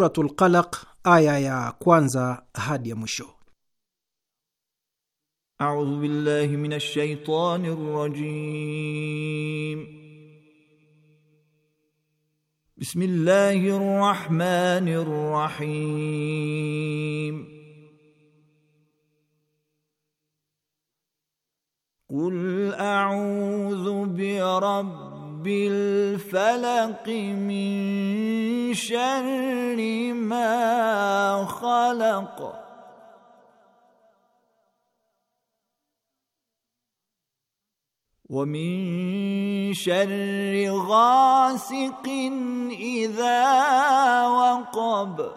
Suratul Qalaq aya ya kwanza hadi ya mwisho. A'udhu billahi minash shaitani rrajim. Bismillahir rahmanir rahim. Qul a'udhu bi rabbil رب الفلق من شر ما خلق ومن شر غاسق إذا وقب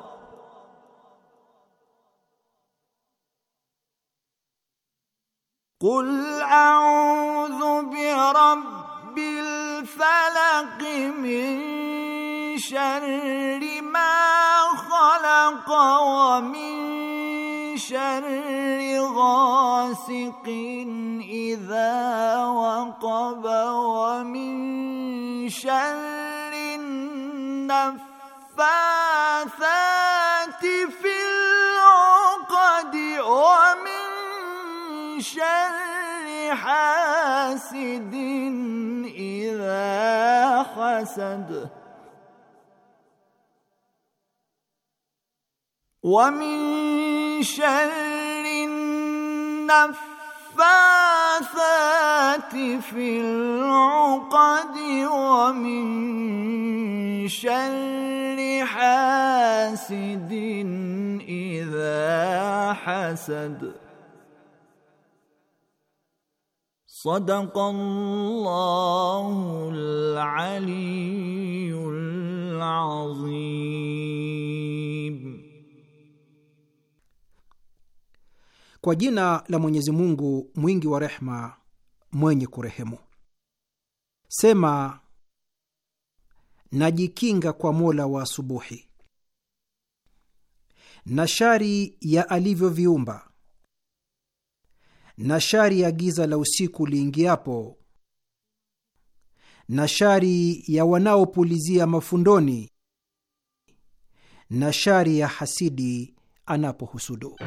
قل أعوذ برب بالفلق من شر ما خلق ومن شر غاسق إذا وقب ومن شر النفاثات في العقد ومن شر حاسد حسد ومن شر النفاثات في العقد ومن شر حاسد إذا حسد صدق الله العلي العظيم. Kwa jina la Mwenyezi Mungu mwingi wa rehema, mwenye kurehemu. Sema, najikinga kwa Mola wa asubuhi na shari ya alivyoviumba na shari ya giza la usiku liingiapo, na shari ya wanaopulizia mafundoni, na shari ya hasidi anapohusudu.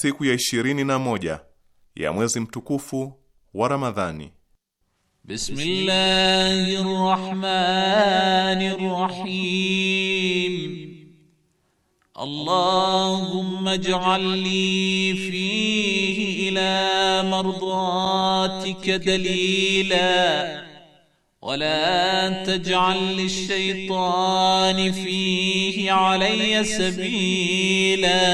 siku ya ishirini na moja ya mwezi mtukufu wa Ramadhani. Bismillahir Rahmanir Rahim. Allahumma ij'al fihi ila mardatika dalila ولا تجعل للشيطان فيه علي سبيلا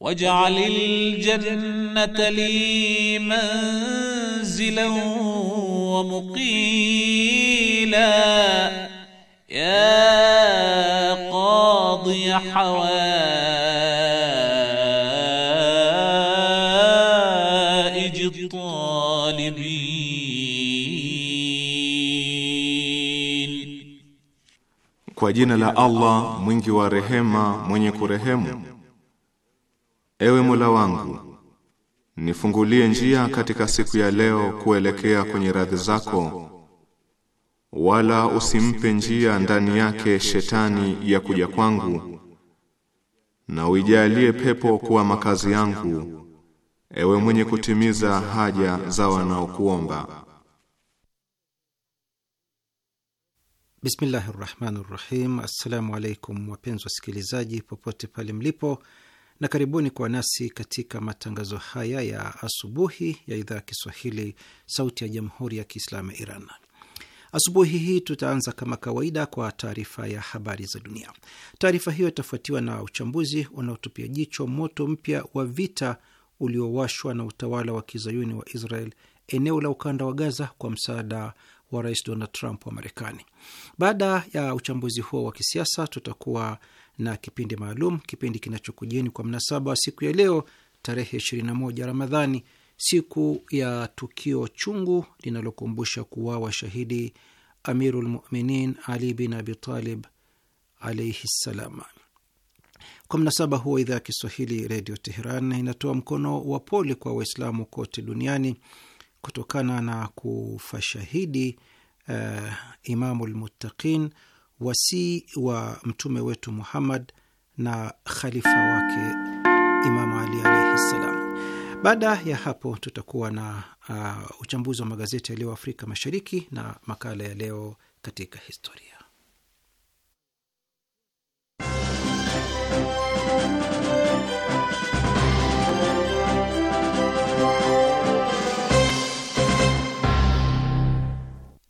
واجعل الجنة لي منزلا ومقيلا يا قاضي حوائج الطالبين Kwa jina la Allah mwingi wa rehema mwenye kurehemu Ewe Mola wangu, nifungulie njia katika siku ya leo kuelekea kwenye radhi zako, wala usimpe njia ndani yake shetani ya kuja kwangu, na uijalie pepo kuwa makazi yangu, ewe mwenye kutimiza haja za wanaokuomba. bismillahi rahmani Rahim. Assalamu alaykum wapenzi wasikilizaji popote pale mlipo na karibuni kwa nasi katika matangazo haya ya asubuhi ya idhaa ya Kiswahili, Sauti ya Jamhuri ya Kiislamu ya Iran. Asubuhi hii tutaanza kama kawaida kwa taarifa ya habari za dunia. Taarifa hiyo itafuatiwa na uchambuzi unaotupia jicho moto mpya wa vita uliowashwa na utawala wa kizayuni wa Israel eneo la ukanda wa Gaza kwa msaada wa Rais Donald Trump wa Marekani. Baada ya uchambuzi huo wa kisiasa, tutakuwa na kipindi maalum, kipindi kinachokujieni kwa mnasaba wa siku ya leo tarehe 21 Ramadhani, siku ya tukio chungu linalokumbusha kuwawa shahidi Amirul Muminin Ali bin Abitalib alaihi ssalam. Kwa mnasaba huo, idhaa ya Kiswahili Redio Teheran inatoa mkono wa pole kwa Waislamu kote duniani kutokana na kufa shahidi uh, Imamul Muttaqin wasii wa mtume wetu Muhammad na khalifa wake Imamu Ali alaihi ssalam. Baada ya hapo, tutakuwa na uh, uchambuzi wa magazeti ya leo Afrika Mashariki na makala ya leo katika historia.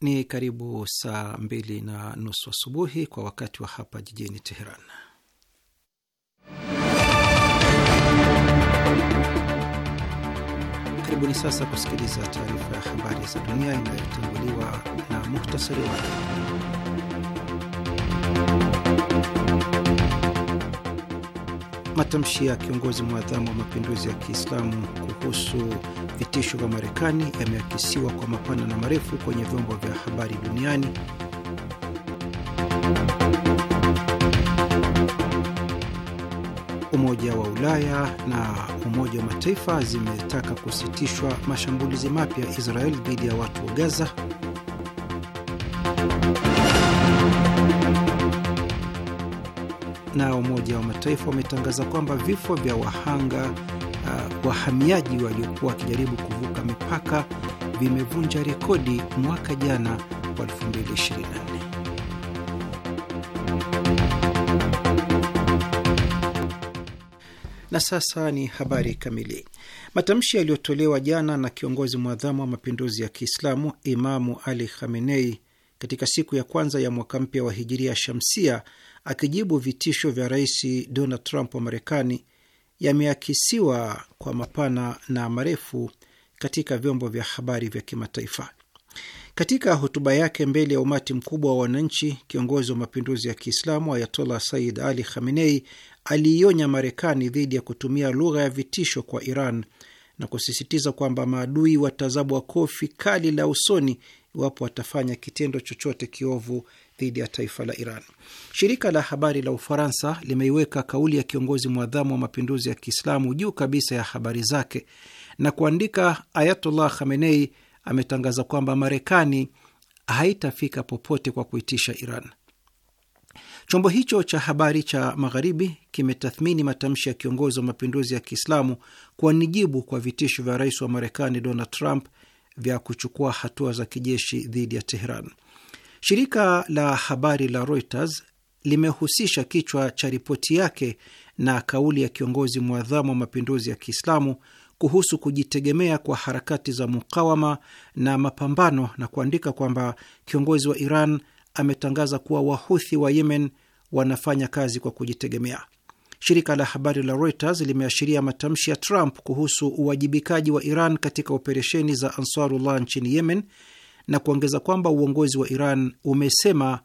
Ni karibu saa mbili na nusu asubuhi kwa wakati wa hapa jijini Teheran. Karibuni sasa kusikiliza taarifa ya habari za dunia inayotanguliwa na muhtasari wake matamshi ya kiongozi mwadhamu wa mapinduzi ya Kiislamu kuhusu vitisho vya Marekani yameakisiwa kwa mapana na marefu kwenye vyombo vya habari duniani. Umoja wa Ulaya na Umoja wa Mataifa zimetaka kusitishwa mashambulizi mapya Israel dhidi ya watu wa Gaza. na Umoja wa Mataifa wametangaza kwamba vifo vya wahanga uh, wahamiaji waliokuwa wakijaribu kuvuka mipaka vimevunja rekodi mwaka jana wa 2024. Na sasa ni habari kamili. Matamshi yaliyotolewa jana na kiongozi mwadhamu wa mapinduzi ya Kiislamu Imamu Ali Khamenei katika siku ya kwanza ya mwaka mpya wa hijiria shamsia akijibu vitisho vya Rais Donald Trump wa Marekani yameakisiwa kwa mapana na marefu katika vyombo vya habari vya kimataifa. Katika hotuba yake mbele ya umati mkubwa wa wananchi, kiongozi wa mapinduzi ya Kiislamu Ayatollah Said Ali Khamenei aliionya Marekani dhidi ya kutumia lugha ya vitisho kwa Iran na kusisitiza kwamba maadui watazabwa kofi kali la usoni iwapo watafanya kitendo chochote kiovu dhidi ya taifa la Iran. Shirika la habari la Ufaransa limeiweka kauli ya kiongozi mwadhamu wa mapinduzi ya Kiislamu juu kabisa ya habari zake na kuandika, Ayatullah Khamenei ametangaza kwamba Marekani haitafika popote kwa kuitisha Iran. Chombo hicho cha habari cha Magharibi kimetathmini matamshi ya kiongozi wa mapinduzi ya Kiislamu kuwa ni jibu kwa vitisho vya rais wa Marekani Donald Trump vya kuchukua hatua za kijeshi dhidi ya Teheran. Shirika la habari la Reuters limehusisha kichwa cha ripoti yake na kauli ya kiongozi mwadhamu wa mapinduzi ya Kiislamu kuhusu kujitegemea kwa harakati za mukawama na mapambano na kuandika kwamba kiongozi wa Iran ametangaza kuwa Wahuthi wa Yemen wanafanya kazi kwa kujitegemea. Shirika la habari la Reuters limeashiria matamshi ya Trump kuhusu uwajibikaji wa Iran katika operesheni za Ansarullah nchini Yemen na kuongeza kwamba uongozi wa Iran umesema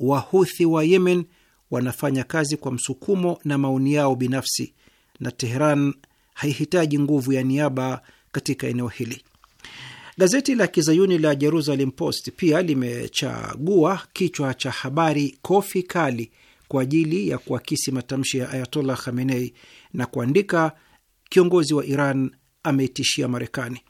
Wahuthi wa Yemen wanafanya kazi kwa msukumo na maoni yao binafsi na Teheran haihitaji nguvu ya niaba katika eneo hili. Gazeti la kizayuni la Jerusalem Post pia limechagua kichwa cha habari kofi kali kwa ajili ya kuakisi matamshi ya Ayatollah Khamenei na kuandika, kiongozi wa Iran ametishia Marekani.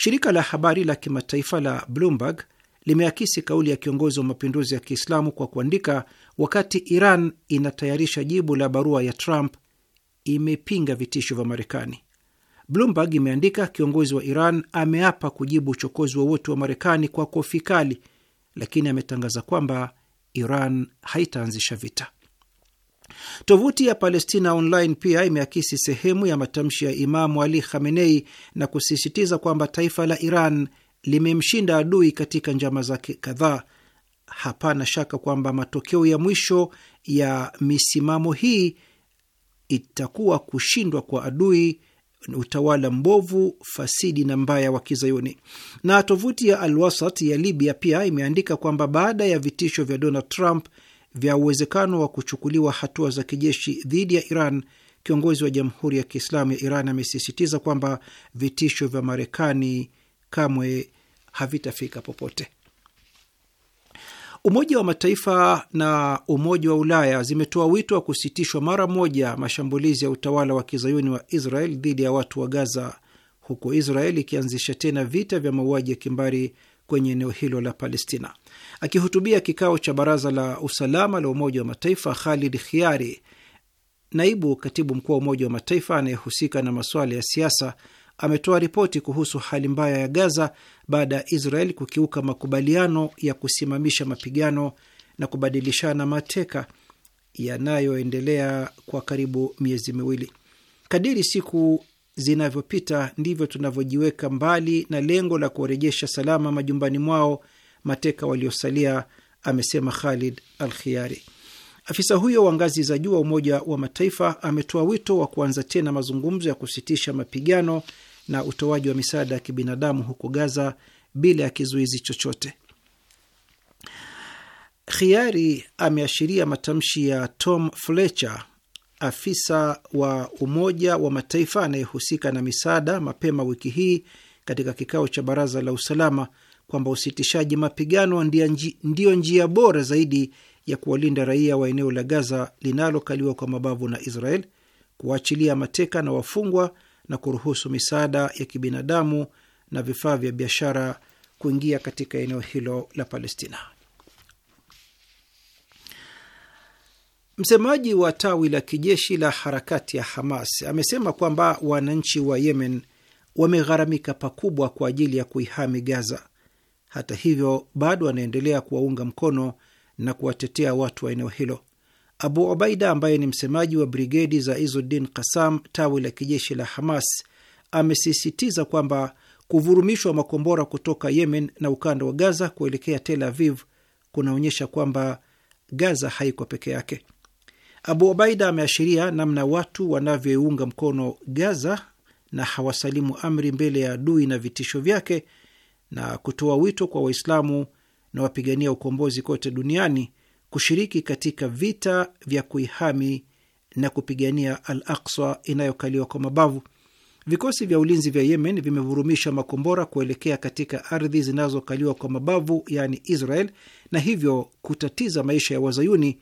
Shirika la habari la kimataifa la Bloomberg limeakisi kauli ya kiongozi wa mapinduzi ya Kiislamu kwa kuandika, wakati Iran inatayarisha jibu la barua ya Trump imepinga vitisho vya Marekani. Bloomberg imeandika, kiongozi wa Iran ameapa kujibu uchokozi wowote wa, wa Marekani kwa kofi kali, lakini ametangaza kwamba Iran haitaanzisha vita. Tovuti ya Palestina Online pia imeakisi sehemu ya matamshi ya Imamu Ali Khamenei na kusisitiza kwamba taifa la Iran limemshinda adui katika njama zake kadhaa. Hapana shaka kwamba matokeo ya mwisho ya misimamo hii itakuwa kushindwa kwa adui utawala mbovu, fasidi na mbaya wa Kizayuni. Na tovuti ya Alwasat ya Libya pia imeandika kwamba baada ya vitisho vya Donald Trump vya uwezekano wa kuchukuliwa hatua za kijeshi dhidi ya Iran, kiongozi wa Jamhuri ya Kiislamu ya Iran amesisitiza kwamba vitisho vya Marekani kamwe havitafika popote. Umoja wa Mataifa na Umoja wa Ulaya zimetoa wito wa kusitishwa mara moja mashambulizi ya utawala wa kizayuni wa Israel dhidi ya watu wa Gaza, huku Israel ikianzisha tena vita vya mauaji ya kimbari kwenye eneo hilo la Palestina. Akihutubia kikao cha baraza la usalama la Umoja wa Mataifa, Khalid Khiari, naibu katibu mkuu wa Umoja wa Mataifa anayehusika na masuala ya siasa, ametoa ripoti kuhusu hali mbaya ya Gaza baada ya Israel kukiuka makubaliano ya kusimamisha mapigano na kubadilishana mateka yanayoendelea kwa karibu miezi miwili. Kadiri siku zinavyopita ndivyo tunavyojiweka mbali na lengo la kuwarejesha salama majumbani mwao mateka waliosalia, amesema Khalid al Khiari. Afisa huyo wa ngazi za juu wa Umoja wa Mataifa ametoa wito wa kuanza tena mazungumzo ya kusitisha mapigano na utoaji wa misaada ya kibinadamu huko Gaza bila ya kizuizi chochote. Khiari ameashiria matamshi ya Tom Fletcher, afisa wa Umoja wa Mataifa anayehusika na misaada, mapema wiki hii katika kikao cha Baraza la Usalama kwamba usitishaji mapigano ndiyo njia bora zaidi ya kuwalinda raia wa eneo la Gaza linalokaliwa kwa mabavu na Israel, kuwaachilia mateka na wafungwa na kuruhusu misaada ya kibinadamu na vifaa vya biashara kuingia katika eneo hilo la Palestina. Msemaji wa tawi la kijeshi la harakati ya Hamas amesema kwamba wananchi wa Yemen wamegharamika pakubwa kwa ajili ya kuihami Gaza hata hivyo, bado anaendelea kuwaunga mkono na kuwatetea watu wa eneo hilo. Abu Ubaida ambaye ni msemaji wa brigedi za Izuddin Kasam, tawi la kijeshi la Hamas, amesisitiza kwamba kuvurumishwa makombora kutoka Yemen na ukanda wa Gaza kuelekea Tel Aviv kunaonyesha kwamba Gaza haiko peke yake. Abu Ubaida ameashiria namna watu wanavyoiunga mkono Gaza na hawasalimu amri mbele ya adui na vitisho vyake, na kutoa wito kwa Waislamu na wapigania ukombozi kote duniani kushiriki katika vita vya kuihami na kupigania Al Aqsa inayokaliwa kwa mabavu. Vikosi vya ulinzi vya Yemen vimevurumisha makombora kuelekea katika ardhi zinazokaliwa kwa mabavu, yaani Israel, na hivyo kutatiza maisha ya wazayuni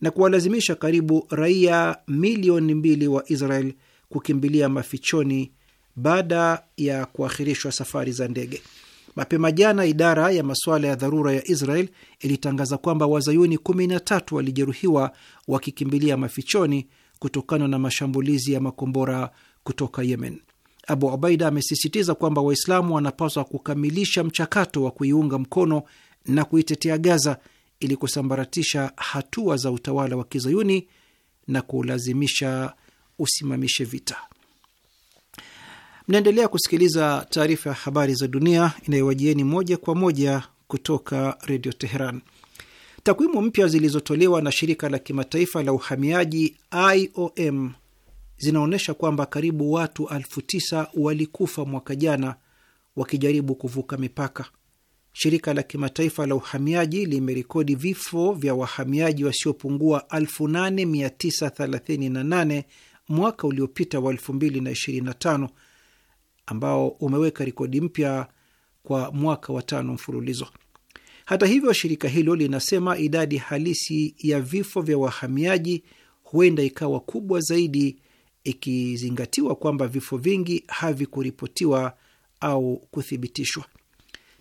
na kuwalazimisha karibu raia milioni mbili wa Israel kukimbilia mafichoni baada ya kuahirishwa safari za ndege. Mapema jana idara ya masuala ya dharura ya Israel ilitangaza kwamba wazayuni 13 walijeruhiwa wakikimbilia mafichoni kutokana na mashambulizi ya makombora kutoka Yemen. Abu Ubaida amesisitiza kwamba Waislamu wanapaswa kukamilisha mchakato wa kuiunga mkono na kuitetea Gaza ili kusambaratisha hatua za utawala wa kizayuni na kuulazimisha usimamishe vita. Mnaendelea kusikiliza taarifa ya habari za dunia inayowajieni moja kwa moja kutoka redio Teheran. Takwimu mpya zilizotolewa na shirika la kimataifa la uhamiaji IOM zinaonyesha kwamba karibu watu elfu tisa walikufa mwaka jana wakijaribu kuvuka mipaka. Shirika la kimataifa la uhamiaji limerekodi vifo vya wahamiaji wasiopungua 8938 mwaka uliopita wa 2025 ambao umeweka rekodi mpya kwa mwaka wa tano mfululizo. Hata hivyo, shirika hilo linasema idadi halisi ya vifo vya wahamiaji huenda ikawa kubwa zaidi ikizingatiwa kwamba vifo vingi havikuripotiwa au kuthibitishwa.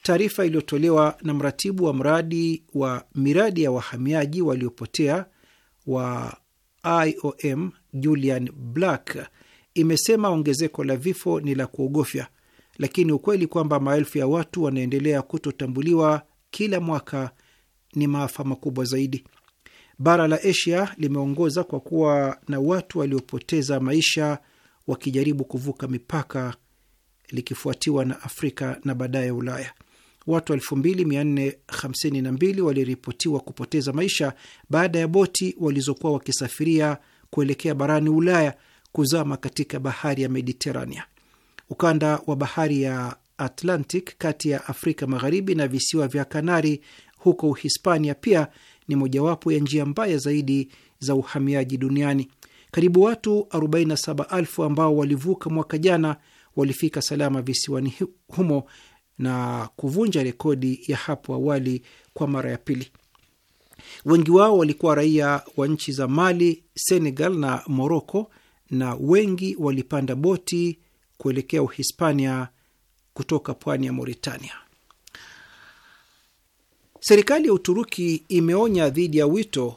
Taarifa iliyotolewa na mratibu wa mradi wa miradi ya wahamiaji waliopotea wa IOM Julian Black imesema ongezeko la vifo ni la kuogofya, lakini ukweli kwamba maelfu ya watu wanaendelea kutotambuliwa kila mwaka ni maafa makubwa zaidi. Bara la Asia limeongoza kwa kuwa na watu waliopoteza maisha wakijaribu kuvuka mipaka, likifuatiwa na Afrika na baadaye Ulaya. Watu 2452 waliripotiwa kupoteza maisha baada ya boti walizokuwa wakisafiria kuelekea barani Ulaya kuzama katika bahari ya Mediterania. Ukanda wa bahari ya Atlantic kati ya Afrika Magharibi na visiwa vya Kanari huko Uhispania pia ni mojawapo ya njia mbaya zaidi za uhamiaji duniani. Karibu watu 47,000 ambao walivuka mwaka jana walifika salama visiwani humo na kuvunja rekodi ya hapo awali kwa mara ya pili. Wengi wao walikuwa raia wa nchi za Mali, Senegal na Moroko na wengi walipanda boti kuelekea Uhispania kutoka pwani ya Mauritania. Serikali ya Uturuki imeonya dhidi ya wito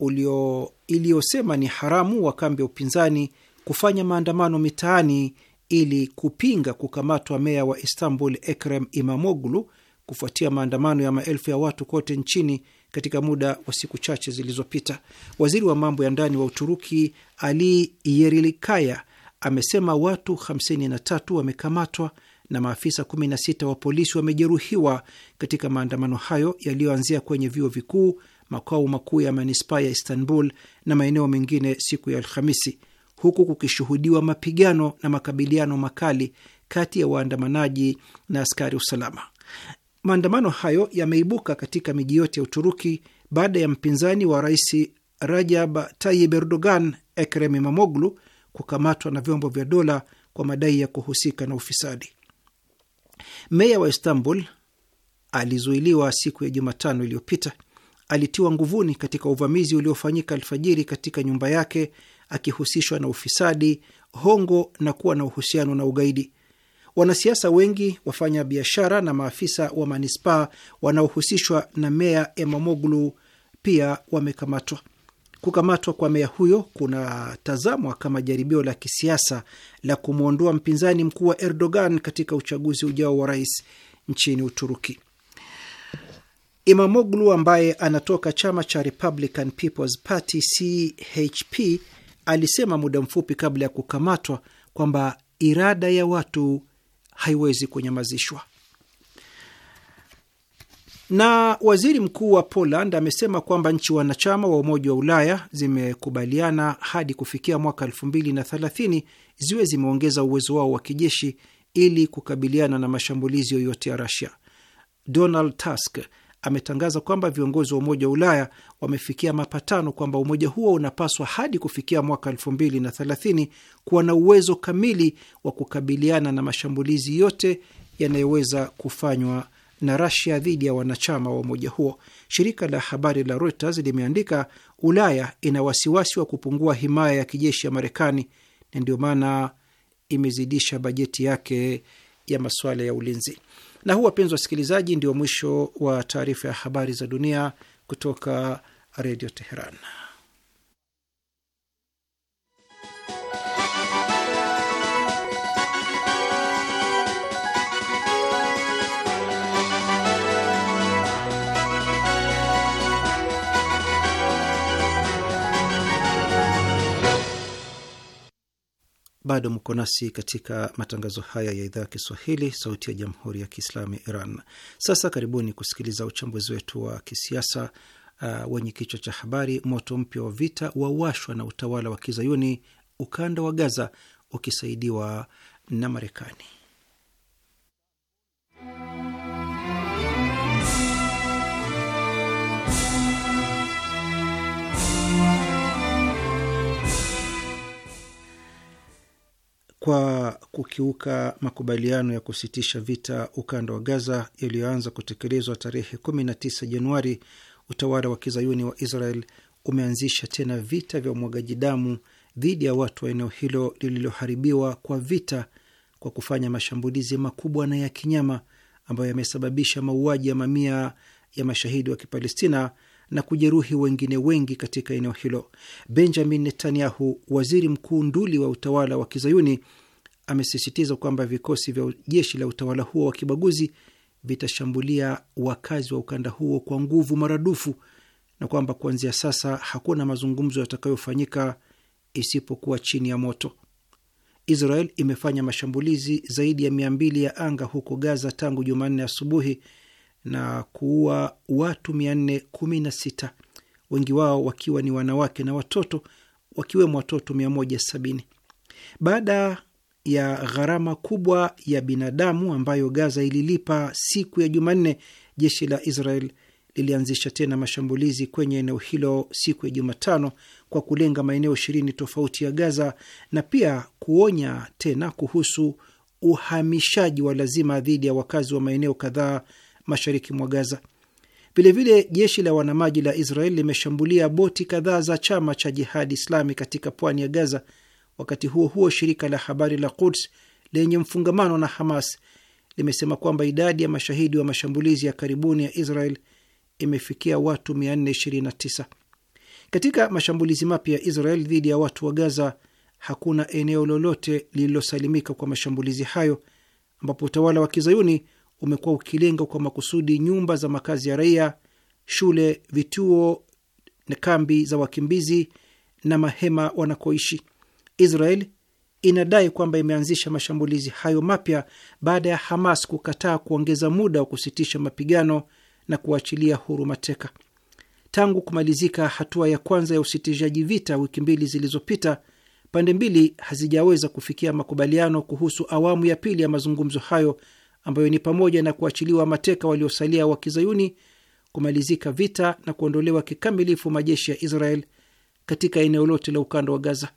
ulio iliyosema ni haramu wa kambi ya upinzani kufanya maandamano mitaani ili kupinga kukamatwa meya wa Istanbul Ekrem Imamoglu kufuatia maandamano ya maelfu ya watu kote nchini katika muda wa siku chache zilizopita. Waziri wa mambo ya ndani wa Uturuki Ali Yerilikaya amesema watu 53 wamekamatwa na maafisa 16 wa polisi wamejeruhiwa katika maandamano hayo yaliyoanzia kwenye vyuo vikuu, makao makuu ya manispaa ya Istanbul na maeneo mengine siku ya Alhamisi, huku kukishuhudiwa mapigano na makabiliano makali kati ya waandamanaji na askari usalama. Maandamano hayo yameibuka katika miji yote ya Uturuki baada ya mpinzani wa rais Rajab tayib Erdogan, Ekrem Imamoglu, kukamatwa na vyombo vya dola kwa madai ya kuhusika na ufisadi. Meya wa Istanbul alizuiliwa siku ya Jumatano iliyopita. Alitiwa nguvuni katika uvamizi uliofanyika alfajiri katika nyumba yake akihusishwa na ufisadi, hongo na kuwa na uhusiano na ugaidi. Wanasiasa wengi, wafanya biashara na maafisa wa manispaa wanaohusishwa na meya Emamoglu pia wamekamatwa. Kukamatwa kwa meya huyo kunatazamwa kama jaribio la kisiasa la kumwondoa mpinzani mkuu wa Erdogan katika uchaguzi ujao wa rais nchini Uturuki. Imamoglu ambaye anatoka chama cha Republican People's Party CHP alisema muda mfupi kabla ya kukamatwa kwamba irada ya watu haiwezi kunyamazishwa. Na waziri mkuu wa Poland amesema kwamba nchi wanachama wa Umoja wa Ulaya zimekubaliana hadi kufikia mwaka 2030 ziwe zimeongeza uwezo wao wa kijeshi ili kukabiliana na mashambulizi yoyote ya rasia Donald Tusk ametangaza kwamba viongozi wa Umoja wa Ulaya wamefikia mapatano kwamba umoja huo unapaswa hadi kufikia mwaka thelathini kuwa na uwezo kamili wa kukabiliana na mashambulizi yote yanayoweza kufanywa na rasia dhidi ya wanachama wa umoja huo. Shirika la habari la Reuters limeandika, Ulaya ina wasiwasi wa kupungua himaya ya kijeshi ya Marekani na ndio maana imezidisha bajeti yake ya masuala ya ulinzi. Na huu, wapenzi wa wasikilizaji, ndio mwisho wa taarifa ya habari za dunia kutoka Redio Teheran. Bado mko nasi katika matangazo haya ya idhaa ya Kiswahili, sauti ya jamhuri ya kiislamu ya Iran. Sasa karibuni kusikiliza uchambuzi wetu wa kisiasa uh, wenye kichwa cha habari, moto mpya wa vita wawashwa na utawala wa kizayuni ukanda wa Gaza ukisaidiwa na Marekani. kwa kukiuka makubaliano ya kusitisha vita ukanda wa Gaza yaliyoanza kutekelezwa tarehe 19 Januari, utawala wa kizayuni wa Israel umeanzisha tena vita vya umwagaji damu dhidi ya watu wa eneo hilo lililoharibiwa kwa vita kwa kufanya mashambulizi makubwa na ya kinyama ambayo yamesababisha mauaji ya mamia ya mashahidi wa Kipalestina na kujeruhi wengine wengi katika eneo hilo. Benjamin Netanyahu, waziri mkuu nduli wa utawala wa kizayuni, amesisitiza kwamba vikosi vya jeshi la utawala huo wa kibaguzi vitashambulia wakazi wa ukanda huo kwa nguvu maradufu na kwamba kuanzia sasa hakuna mazungumzo yatakayofanyika isipokuwa chini ya moto. Israel imefanya mashambulizi zaidi ya mia mbili ya anga huko Gaza tangu Jumanne asubuhi na kuua watu 416 wengi wao wakiwa ni wanawake na watoto, wakiwemo watoto 170. Baada ya gharama kubwa ya binadamu ambayo Gaza ililipa siku ya Jumanne, jeshi la Israel lilianzisha tena mashambulizi kwenye eneo hilo siku ya Jumatano kwa kulenga maeneo ishirini tofauti ya Gaza na pia kuonya tena kuhusu uhamishaji wa lazima dhidi ya wakazi wa maeneo kadhaa mashariki mwa Gaza. Vilevile, jeshi la wanamaji la Israel limeshambulia boti kadhaa za chama cha Jihadi Islami katika pwani ya Gaza. Wakati huo huo, shirika la habari la Quds lenye mfungamano na Hamas limesema kwamba idadi ya mashahidi wa mashambulizi ya karibuni ya Israel imefikia watu 429. Katika mashambulizi mapya ya Israel dhidi ya watu wa Gaza, hakuna eneo lolote lililosalimika kwa mashambulizi hayo, ambapo utawala wa kizayuni umekuwa ukilenga kwa makusudi nyumba za makazi ya raia, shule, vituo na kambi za wakimbizi na mahema wanakoishi. Israel inadai kwamba imeanzisha mashambulizi hayo mapya baada ya Hamas kukataa kuongeza muda wa kusitisha mapigano na kuachilia huru mateka. Tangu kumalizika hatua ya kwanza ya usitishaji vita wiki mbili zilizopita, pande mbili hazijaweza kufikia makubaliano kuhusu awamu ya pili ya mazungumzo hayo ambayo ni pamoja na kuachiliwa mateka waliosalia wa kizayuni, kumalizika vita na kuondolewa kikamilifu majeshi ya Israel katika eneo lote la ukanda wa Gaza.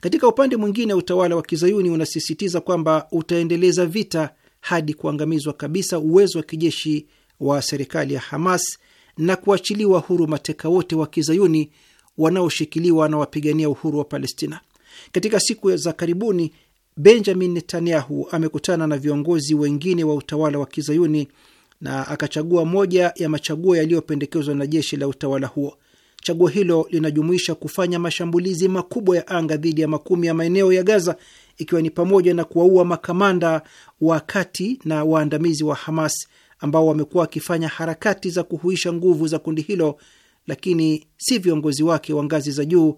Katika upande mwingine, utawala wa kizayuni unasisitiza kwamba utaendeleza vita hadi kuangamizwa kabisa uwezo wa kijeshi wa serikali ya Hamas na kuachiliwa huru mateka wote wa kizayuni wanaoshikiliwa na wapigania uhuru wa Palestina. Katika siku za karibuni Benjamin Netanyahu amekutana na viongozi wengine wa utawala wa kizayuni na akachagua moja ya machaguo yaliyopendekezwa na jeshi la utawala huo. Chaguo hilo linajumuisha kufanya mashambulizi makubwa ya anga dhidi ya makumi ya maeneo ya Gaza, ikiwa ni pamoja na kuwaua makamanda wa kati na waandamizi wa Hamas ambao wamekuwa wakifanya harakati za kuhuisha nguvu za kundi hilo, lakini si viongozi wake wa ngazi za juu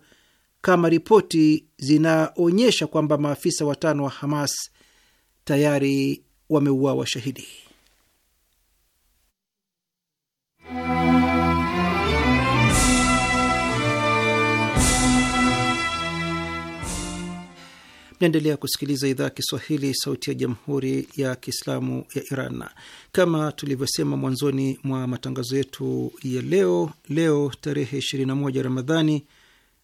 kama ripoti zinaonyesha kwamba maafisa watano wa Hamas tayari wameuawa shahidi. Naendelea kusikiliza idhaa ya Kiswahili, sauti ya jamhuri ya kiislamu ya Iran. Kama tulivyosema mwanzoni mwa matangazo yetu ya leo, leo tarehe 21 Ramadhani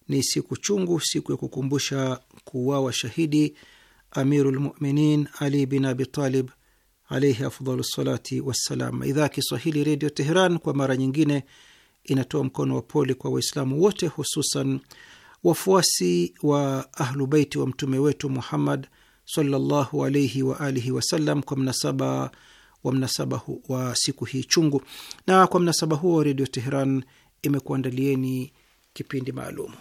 ni siku chungu, siku ya kukumbusha kuuawa shahidi Amirulmuminin Ali bin Abitalib alaihi afdhalu salati wassalam. Idhaa ya Kiswahili Redio Teheran kwa mara nyingine inatoa mkono wa pole kwa Waislamu wote hususan wafuasi wa Ahlubeiti wa mtume wetu Muhammad sallallahu alaihi wa alihi wasallam kwa mnasaba wa mnasaba wa siku hii chungu. Na kwa mnasaba huo Redio Teheran imekuandalieni kipindi maalumu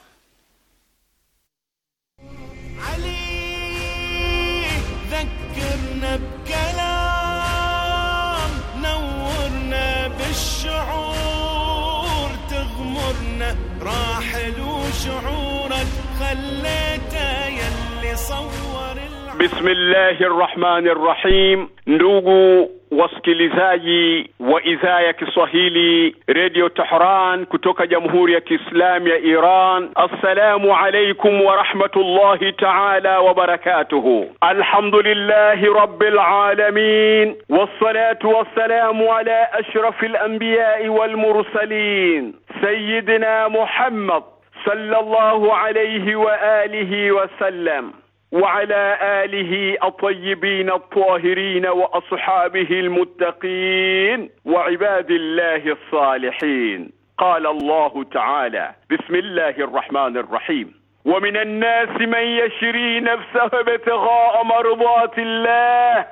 حضنه راحل وشعورك خليته يلي صور بسم الله الرحمن الرحيم Ndugu wasikilizaji wa idhaa ya Kiswahili redio Tehran kutoka Jamhuri ya Kiislamu ya Iran, assalamu alaikum wa rahmatullahi taala wa barakatuhu. Alhamdulillahi rabbil alamin wassalatu wassalamu ala ashrafil anbiyai wal mursalin sayyidina Muhammad sallallahu alayhi wa alihi wa sallam. وعلى آله الطيبين الطاهرين وأصحابه المتقين وعباد الله الصالحين قال الله تعالى بسم الله الرحمن الرحيم ومن الناس من يشري نفسه ابتغاء مرضات الله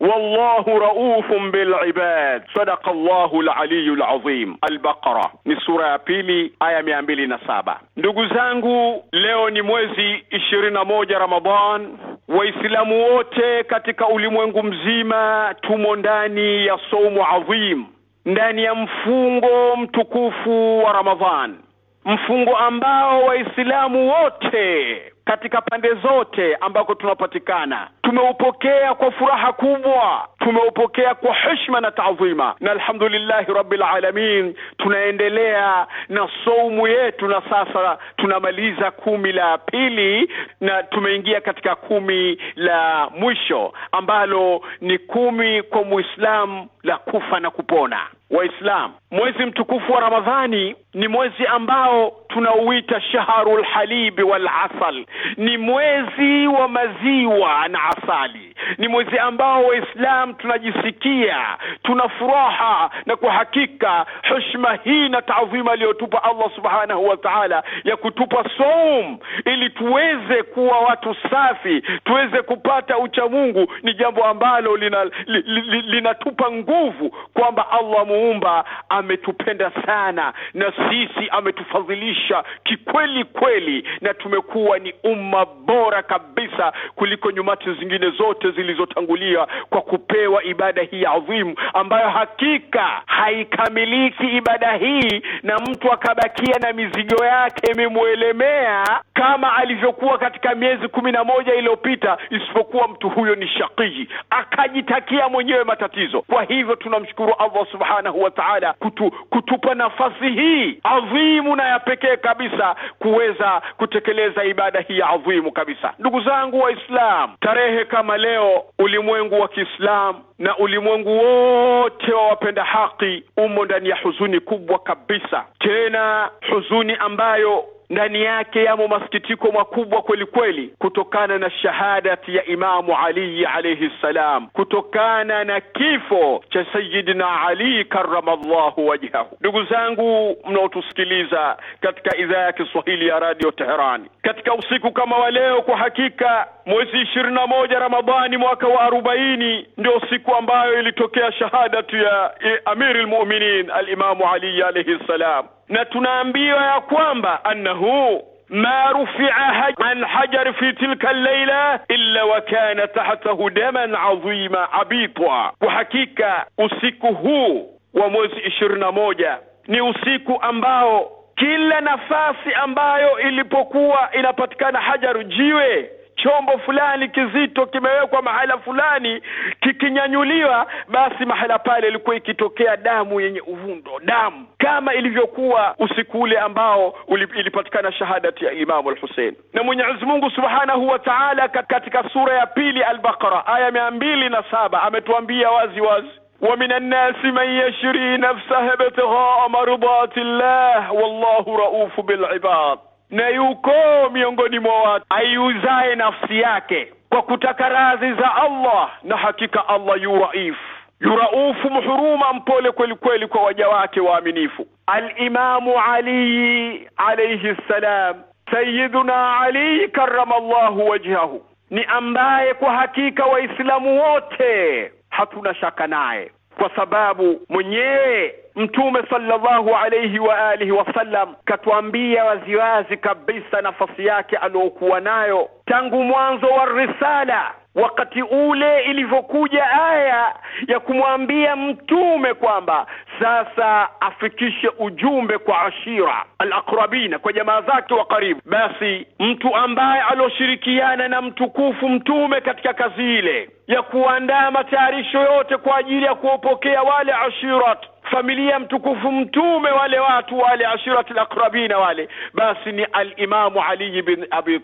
wallahu raufun bilibad sadaka llahu laliyu al albaqara ni sura ya pili aya mia mbili na saba. Ndugu zangu, leo ni mwezi ishirini na moja ramadan Waislamu wote katika ulimwengu mzima tumo ndani ya saumu adhim, ndani ya mfungo mtukufu wa Ramadhan, mfungo ambao Waislamu wote katika pande zote ambako tunapatikana. Tumeupokea kwa furaha kubwa, tumeupokea kwa heshima na taadhima, na alhamdulillahi rabbil alamin. Tunaendelea na saumu yetu, na sasa tunamaliza kumi la pili na tumeingia katika kumi la mwisho ambalo ni kumi kwa Muislamu la kufa na kupona. Waislamu, mwezi mtukufu wa Ramadhani ni mwezi ambao tunauita shaharul halibi wal asal, ni mwezi wa maziwa na asali. ni mwezi ambao waislam tunajisikia tuna furaha, na kwa hakika heshima hii na taadhima aliyotupa Allah subhanahu wa ta'ala ya kutupa saum ili tuweze kuwa watu safi, tuweze kupata ucha mungu ni jambo ambalo linatupa li, li, li nguvu kwamba Allah muumba ametupenda sana na sisi ametufadhilisha kikweli kweli, na tumekuwa ni umma bora kabisa kuliko nyumati zingine zote zote zilizotangulia kwa kupewa ibada hii adhimu ambayo hakika haikamiliki ibada hii na mtu akabakia na mizigo yake imemwelemea kama alivyokuwa katika miezi kumi na moja iliyopita isipokuwa mtu huyo ni shakiji akajitakia mwenyewe matatizo kwa hivyo tunamshukuru allah subhanahu wa taala kutu, kutupa nafasi hii adhimu na ya pekee kabisa kuweza kutekeleza ibada hii adhimu kabisa ndugu zangu waislam tarehe kama leo Leo ulimwengu wa Kiislamu na ulimwengu wote wa wapenda haki umo ndani ya huzuni kubwa kabisa, tena huzuni ambayo ndani yake yamo masikitiko makubwa kweli kweli, kutokana na shahadati ya Imamu Ali alayhi salam, kutokana na kifo cha Sayyidina Ali karamallahu wajhahu. Ndugu zangu mnaotusikiliza katika idhaa ya Kiswahili ya Radio Teherani, katika usiku kama wa leo, kwa hakika mwezi ishirini na moja Ramadhani mwaka wa arobaini ndio siku ambayo ilitokea shahadatu ya Amirul Mu'minin al-Imamu Ali alayhi salam na tunaambiwa ya kwamba annahu ma rufia an hajar fi tilka llaila illa wa kana tahtahu daman azima abitwa. Kwa hakika usiku huu wa mwezi ishirini na moja ni usiku ambao kila nafasi ambayo ilipokuwa inapatikana hajaru jiwe chombo fulani kizito kimewekwa mahala fulani kikinyanyuliwa, basi mahala pale ilikuwa ikitokea damu yenye uvundo, damu kama ilivyokuwa usiku ule ambao ilipatikana shahadati ya Imamu al-Hussein. Na Mwenyezi Mungu Subhanahu wa Ta'ala katika sura ya pili al-Baqara aya mia mbili na saba ametuambia wazi wazi wa min annasi man yashri nafsahu ibtighaa mardati llah wallahu raufu bil ibad na yuko miongoni mwa watu aiuzae nafsi yake kwa kutaka radhi za Allah, na hakika Allah yu raif yuraufu mhuruma, mpole kweli kweli kwa waja wake waaminifu. Alimamu Ali alayhi salam, Sayyiduna Ali karamallahu wajhahu, ni ambaye kwa hakika Waislamu wote hatuna shaka naye kwa sababu mwenyewe Mtume sallallahu alayhi wa alihi wasallam katuambia waziwazi kabisa nafasi yake aliyokuwa nayo tangu mwanzo wa risala wakati ule ilivyokuja aya ya kumwambia mtume kwamba sasa afikishe ujumbe kwa ashira alaqrabina kwa jamaa zake wa karibu basi mtu ambaye alioshirikiana na mtukufu mtume katika kazi ile ya kuandaa matayarisho yote kwa ajili ya kuwapokea wale ashirat familia mtukufu mtume wale watu wale ashirati lakrabina wale basi ni alimamu ali bin abi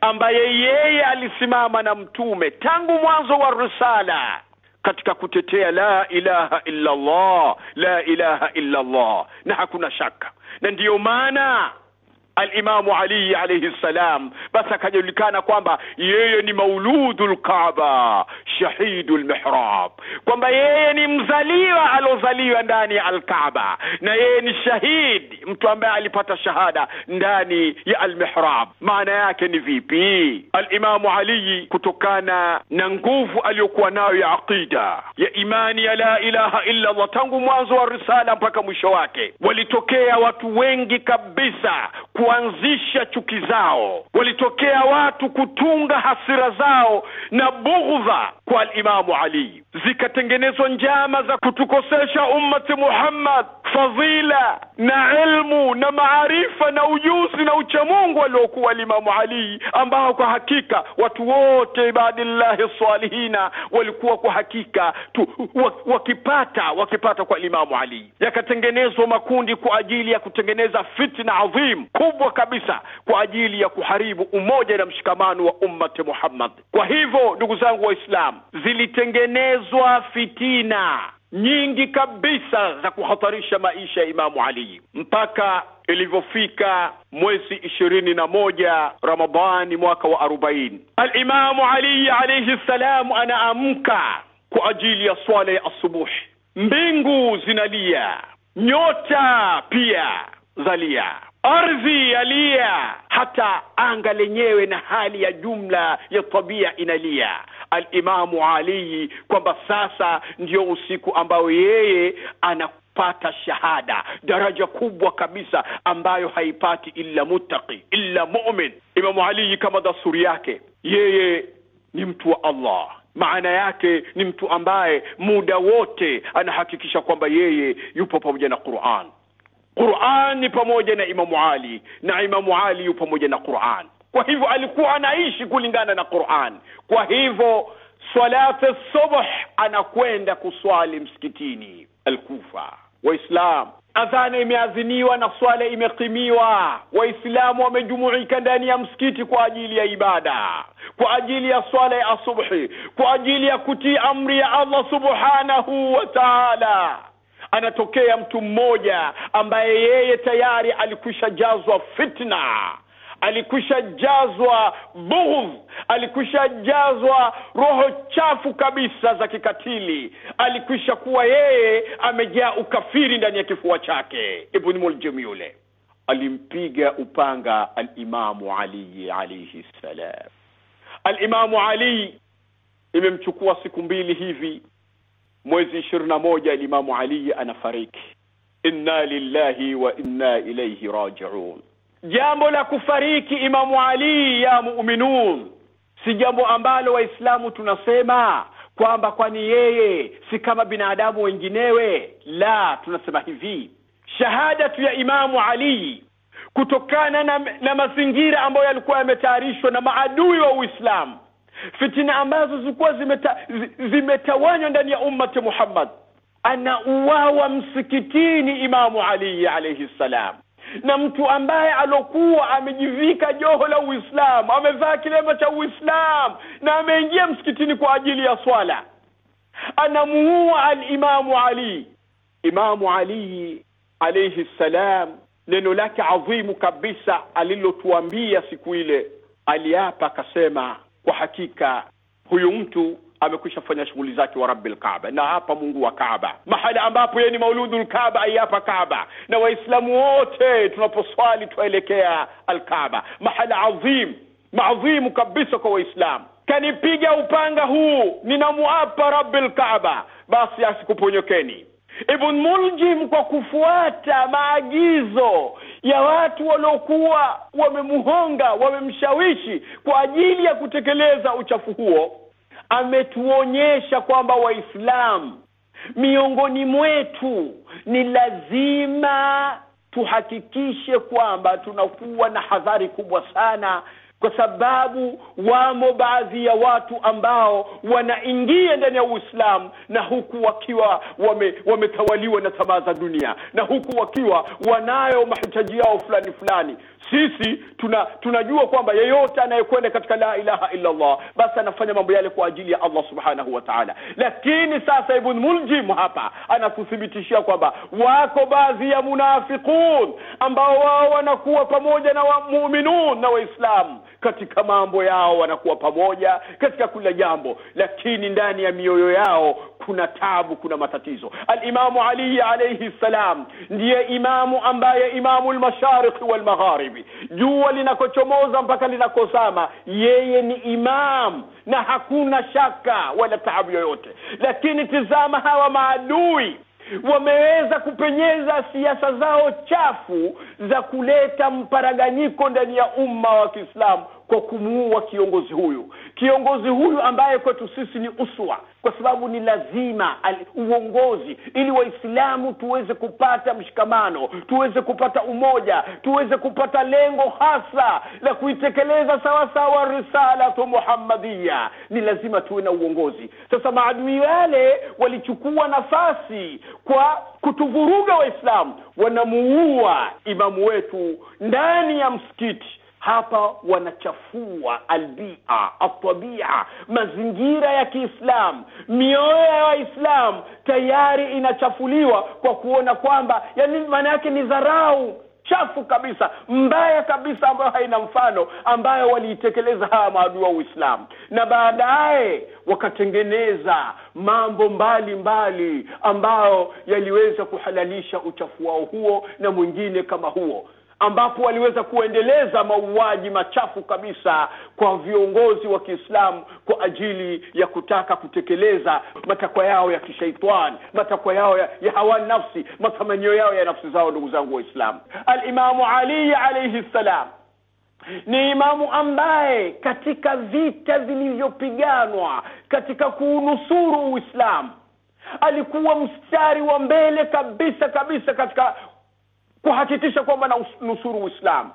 ambaye yeye alisimama na mtume tangu mwanzo wa risala katika kutetea la ilaha illa allah la ilaha illa allah na hakuna shaka na ndiyo maana alimamu Ali alayhi salam, basi akajulikana kwamba yeye ni mauludu lkaaba shahidu lmihrab, kwamba yeye ni mzaliwa alozaliwa ndani ya Alkaaba na yeye ni shahid mtu ambaye alipata shahada ndani ya almihrab. Maana yake ni vipi? Alimamu Ali kutokana na nguvu aliyokuwa nayo ya aqida ya imani ya la ilaha illa Allah tangu mwanzo wa risala mpaka mwisho wake, walitokea watu wengi kabisa kuanzisha chuki zao, walitokea watu kutunga hasira zao na bughdha kwa Alimamu Ali, zikatengenezwa njama za kutukosesha ummati Muhammad fadhila na ilmu na maarifa na ujuzi na uchamungu aliokuwa limamu Ali ambao kwa hakika watu wote ibadillahi salihina walikuwa kwa hakika tu wakipata wakipata kwa limamu Ali. Yakatengenezwa makundi kwa ajili ya kutengeneza fitna adhim kubwa kabisa kwa ajili ya kuharibu umoja na mshikamano wa ummati Muhammad. Kwa hivyo ndugu zangu Waislamu, zilitengenezwa fitina nyingi kabisa za kuhatarisha maisha ya Imamu Ali mpaka ilivyofika mwezi ishirini na moja Ramadhani mwaka wa arobaini Alimamu Ali alayhi ssalamu anaamka kwa ajili ya swala ya asubuhi. Mbingu zinalia, nyota pia zalia, ardhi yalia, hata anga lenyewe na hali ya jumla ya tabia inalia. Alimamu Ali kwamba sasa ndio usiku ambao yeye ana pata shahada, daraja kubwa kabisa ambayo haipati illa muttaqi, illa mu'min. Imamu Ali kama dasturi yake, yeye ni mtu wa Allah, maana yake ni mtu ambaye muda wote anahakikisha kwamba yeye yupo pamoja na Qur'an. Qur'an ni pamoja na Imamu Ali na Imamu Ali yupo pamoja na Qur'an kwa hivyo alikuwa anaishi kulingana na quran kwa hivyo salati subh anakwenda kuswali msikitini alkufa waislam adhana imeadhiniwa na swala imekimiwa waislamu wamejumuika ndani ya msikiti kwa ajili ya ibada kwa ajili ya swala ya asubuhi kwa ajili ya kutii amri ya allah subhanahu wa taala anatokea mtu mmoja ambaye yeye tayari alikwisha jazwa fitna alikwisha jazwa bughudh, alikwisha jazwa roho chafu kabisa za kikatili, alikwisha kuwa yeye amejaa ukafiri ndani ya kifua chake. Ibn Muljim yule alimpiga upanga Alimamu Ali alaihi ssalam. Alimamu Ali imemchukua siku mbili hivi, mwezi ishirini na moja Alimamu Ali anafariki. Inna lillahi wa inna ilaihi rajiun. Jambo la kufariki Imamu Ali ya muuminun si jambo ambalo Waislamu tunasema kwamba kwani yeye si kama binadamu wenginewe. La, tunasema hivi shahadatu ya Imamu Ali kutokana na, na mazingira ambayo yalikuwa yametayarishwa na maadui wa Uislamu, fitina ambazo zilikuwa zimeta, zimetawanywa ndani ya ummati Muhammad, anauawa msikitini Imamu Ali alayhi salam na mtu ambaye alokuwa amejivika joho la uislamu amevaa kilema cha uislamu na ameingia msikitini kwa ajili ya swala anamuua alimamu ali imamu ali alayhi ssalam neno lake adhimu kabisa alilotuambia siku ile aliapa akasema kwa hakika huyu mtu amekwisha fanya shughuli zake wa rabbil kaaba na hapa mungu wa kaaba mahali ambapo yeye ni mauludul kaaba aiapa kaaba na waislamu wote tunaposwali twaelekea alkaaba mahali adhim maadhimu kabisa kwa waislamu kanipiga upanga huu ninamwapa rabbil kaaba basi asikuponyokeni ibn muljim kwa kufuata maagizo ya watu waliokuwa wamemuhonga wamemshawishi kwa ajili ya kutekeleza uchafu huo ametuonyesha kwamba waislamu miongoni mwetu ni lazima tuhakikishe kwamba tunakuwa na hadhari kubwa sana kwa sababu wamo baadhi ya watu ambao wanaingia ndani ya Uislamu na huku wakiwa wame, wametawaliwa na tamaa za dunia na huku wakiwa wanayo mahitaji yao fulani fulani sisi tuna, tunajua kwamba yeyote anayekwenda katika la ilaha illa Allah basi anafanya mambo yale kwa ajili ya Allah subhanahu wa ta'ala. Lakini sasa Ibn Muljim hapa anakuthibitishia kwamba wako baadhi ya munafiqun ambao wao wanakuwa pamoja na wamuminun na Waislamu katika mambo yao wanakuwa pamoja katika kila jambo, lakini ndani ya mioyo yao kuna tabu, kuna matatizo. Alimamu Ali alayhi salam ndiye imamu ambaye imamu lmashariki walmagharibi, jua linakochomoza mpaka linakosama, yeye ni imam na hakuna shaka wala taabu yoyote. Lakini tizama hawa maadui wameweza kupenyeza siasa zao chafu za kuleta mparaganyiko ndani ya umma wa Kiislamu kwa kumuua kiongozi huyu kiongozi huyu ambaye kwetu sisi ni uswa kwa sababu ni lazima al, uongozi ili waislamu tuweze kupata mshikamano tuweze kupata umoja tuweze kupata lengo hasa la kuitekeleza sawasawa risalatu muhammadiya ni lazima tuwe na uongozi sasa maadui wale walichukua nafasi kwa kutuvuruga waislamu wanamuua imamu wetu ndani ya msikiti hapa wanachafua albia atabia mazingira ya kiislam mioyo ya waislamu tayari inachafuliwa kwa kuona kwamba yani maana yake ni dharau chafu kabisa mbaya kabisa ambayo haina mfano ambayo waliitekeleza hawa maadui wa uislamu na baadaye wakatengeneza mambo mbalimbali mbali ambayo yaliweza kuhalalisha uchafu wao huo na mwingine kama huo ambapo waliweza kuendeleza mauaji machafu kabisa kwa viongozi wa kiislamu kwa ajili ya kutaka kutekeleza matakwa yao ya kishaitani matakwa yao ya, ya hawani nafsi matamanio yao ya nafsi zao ndugu zangu waislamu alimamu ali alaihi ssalam ni imamu ambaye katika vita vilivyopiganwa katika kuunusuru uislamu alikuwa mstari wa mbele kabisa kabisa katika kuhakikisha kwamba na nusuru uislamu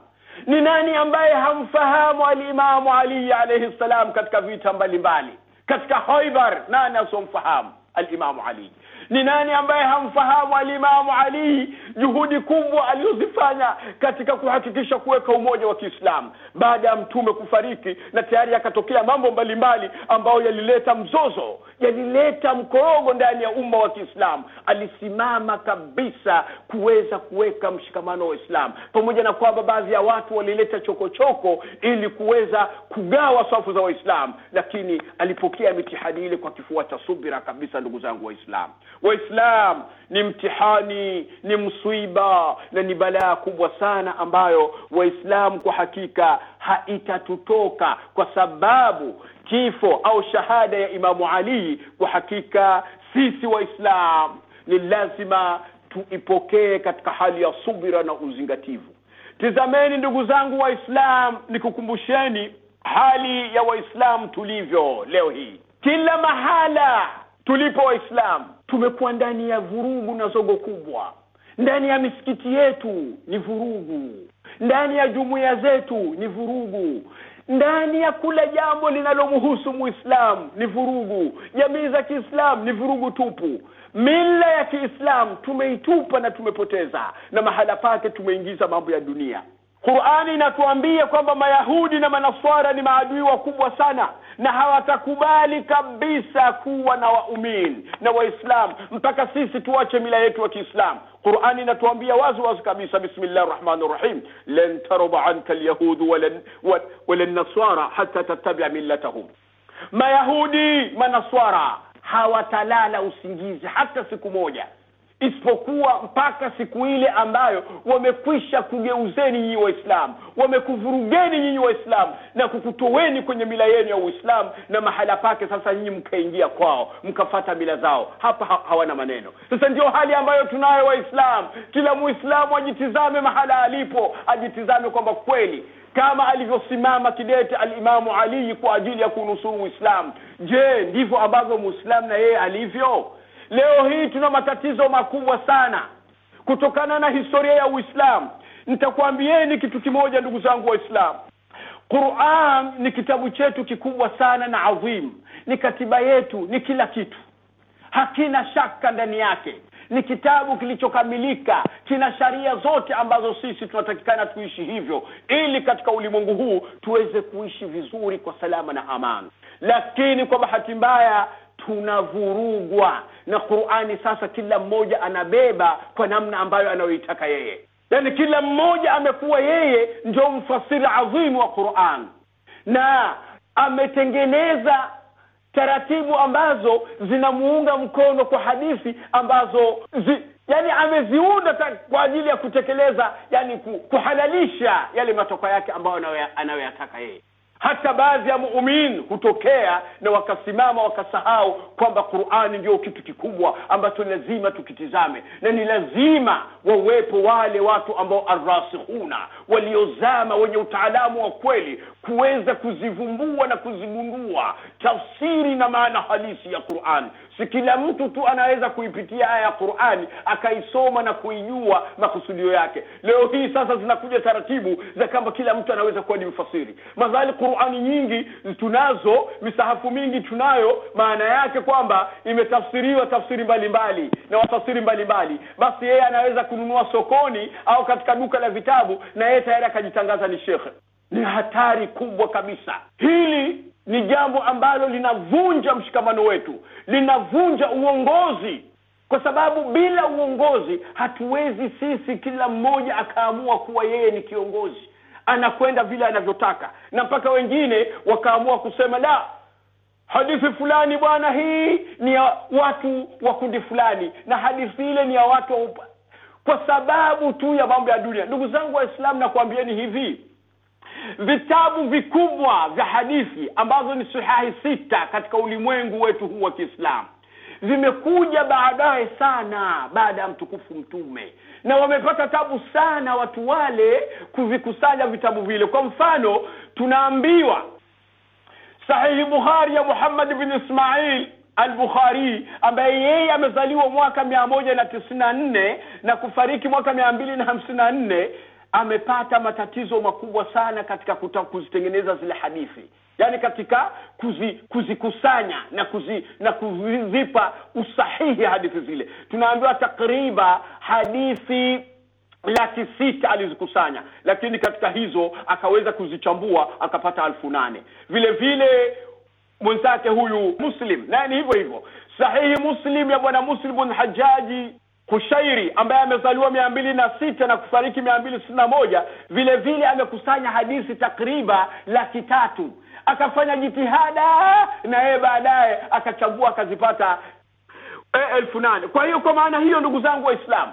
ni nani ambaye hamfahamu alimamu ali alaihi ssalam katika vita mbalimbali mbali. katika hoibar nani asomfahamu alimamu Ali. Ni nani ambaye hamfahamu alimamu Ali, juhudi kubwa aliyozifanya katika kuhakikisha kuweka umoja wa Kiislamu baada ya mtume kufariki, na tayari yakatokea mambo mbalimbali ambayo yalileta mzozo, yalileta mkorogo ndani ya umma wa Kiislamu. Alisimama kabisa kuweza kuweka mshikamano wa Islamu, pamoja na kwamba baadhi ya watu walileta chokochoko ili kuweza kugawa safu za Waislamu, lakini alipokea mitihadi ile kwa kifua cha subira kabisa ndugu zangu waislamu waislamu ni mtihani ni msiba na ni balaa kubwa sana ambayo waislamu kwa hakika haitatutoka kwa sababu kifo au shahada ya imamu ali kwa hakika sisi waislamu ni lazima tuipokee katika hali ya subira na uzingativu tizameni ndugu zangu waislam nikukumbusheni hali ya waislamu tulivyo leo hii kila mahala tulipo waislamu tumekuwa ndani ya vurugu na zogo kubwa ndani ya misikiti yetu ni vurugu ndani ya jumuiya zetu ni vurugu ndani ya kula jambo linalomhusu muislamu ni vurugu jamii za kiislamu ni vurugu tupu mila ya kiislamu tumeitupa na tumepoteza na mahala pake tumeingiza mambo ya dunia Qur'ani inatuambia kwamba Mayahudi na Manaswara ni maadui wakubwa sana na hawatakubali kabisa kuwa na waumini na Waislamu mpaka sisi tuache mila yetu ya Kiislamu. Qur'ani inatuambia wazi wazi kabisa, bismillahi rahmanir rahim, lan tarda anka alyahudu wala nasara hata tattabi'a millatahum. Mayahudi Manaswara hawatalala usingizi hata siku moja isipokuwa mpaka siku ile ambayo wamekwisha kugeuzeni nyinyi waislamu wamekuvurugeni nyinyi waislamu na kukutoweni kwenye mila yenu ya uislamu na mahala pake sasa nyinyi mkaingia kwao mkafata mila zao hapa ha- hawana maneno sasa ndio hali ambayo tunayo waislamu kila muislamu ajitizame mahala alipo ajitizame kwamba kweli kama alivyosimama kidete alimamu alii kwa ajili ya kunusuru uislamu je ndivyo ambavyo muislamu na yeye alivyo leo hii tuna matatizo makubwa sana kutokana na historia ya uislamu nitakwambieni kitu kimoja ndugu zangu waislamu quran ni kitabu chetu kikubwa sana na adhimu ni katiba yetu ni kila kitu hakina shaka ndani yake ni kitabu kilichokamilika kina sharia zote ambazo sisi tunatakikana tuishi hivyo ili katika ulimwengu huu tuweze kuishi vizuri kwa salama na amani lakini kwa bahati mbaya tunavurugwa na qurani sasa kila mmoja anabeba kwa namna ambayo anayoitaka yeye yaani kila mmoja amekuwa yeye ndio mfasiri adhimu wa quran na ametengeneza taratibu ambazo zinamuunga mkono kwa hadithi ambazo zi, yani ameziunda kwa ajili ya kutekeleza yani kuhalalisha yale matokeo yake ambayo anayoyataka yeye hata baadhi ya muumin hutokea na wakasimama wakasahau kwamba qurani ndio kitu kikubwa ambacho lazima tukitizame na ni lazima wawepo wale watu ambao arasikhuna waliozama wenye utaalamu wa kweli kuweza kuzivumbua na kuzigundua tafsiri na maana halisi ya Qur'an. Si kila mtu tu anaweza kuipitia aya ya Qur'ani akaisoma na kuijua makusudio yake. Leo hii sasa zinakuja taratibu za kwamba kila mtu anaweza kuwa ni mfasiri, madhali Qur'ani nyingi tunazo, misahafu mingi tunayo, maana yake kwamba imetafsiriwa tafsiri mbalimbali mbali, na wafasiri mbalimbali mbali. Basi yeye anaweza kununua sokoni au katika duka la vitabu na yeye tayari akajitangaza ni shekhe ni hatari kubwa kabisa hili ni jambo ambalo linavunja mshikamano wetu linavunja uongozi kwa sababu bila uongozi hatuwezi sisi kila mmoja akaamua kuwa yeye ni kiongozi anakwenda vile anavyotaka na mpaka wengine wakaamua kusema la hadithi fulani bwana hii ni ya watu wa kundi fulani na hadithi ile ni ya watu wa upa. kwa sababu tu ya mambo ya dunia ndugu zangu waislamu nakuambieni hivi vitabu vikubwa vya hadithi ambazo ni sahihi sita katika ulimwengu wetu huu wa kiislamu vimekuja baadaye sana baada ya mtukufu mtume na wamepata tabu sana watu wale kuvikusanya vitabu vile kwa mfano tunaambiwa sahihi bukhari ya muhammad bin ismail al al-Bukhari ambaye yeye amezaliwa mwaka mia moja na na nne na kufariki mwaka mia mbili na na nne amepata matatizo makubwa sana katika kuta, kuzitengeneza zile hadithi yaani katika kuzi, kuzikusanya na kuzi, na kuzipa usahihi hadithi zile tunaambiwa takriba hadithi laki sita alizikusanya lakini katika hizo akaweza kuzichambua akapata alfu nane vile vile mwenzake huyu muslim naye ni hivyo hivyo sahihi muslim ya bwana muslim bn hajaji kushairi ambaye amezaliwa mia mbili na sita na kufariki mia mbili sitini na moja vile vile amekusanya hadithi takriba laki tatu akafanya jitihada na yeye baadaye akachagua akazipata e, elfu nane kwa hiyo kwa maana hiyo ndugu zangu waislamu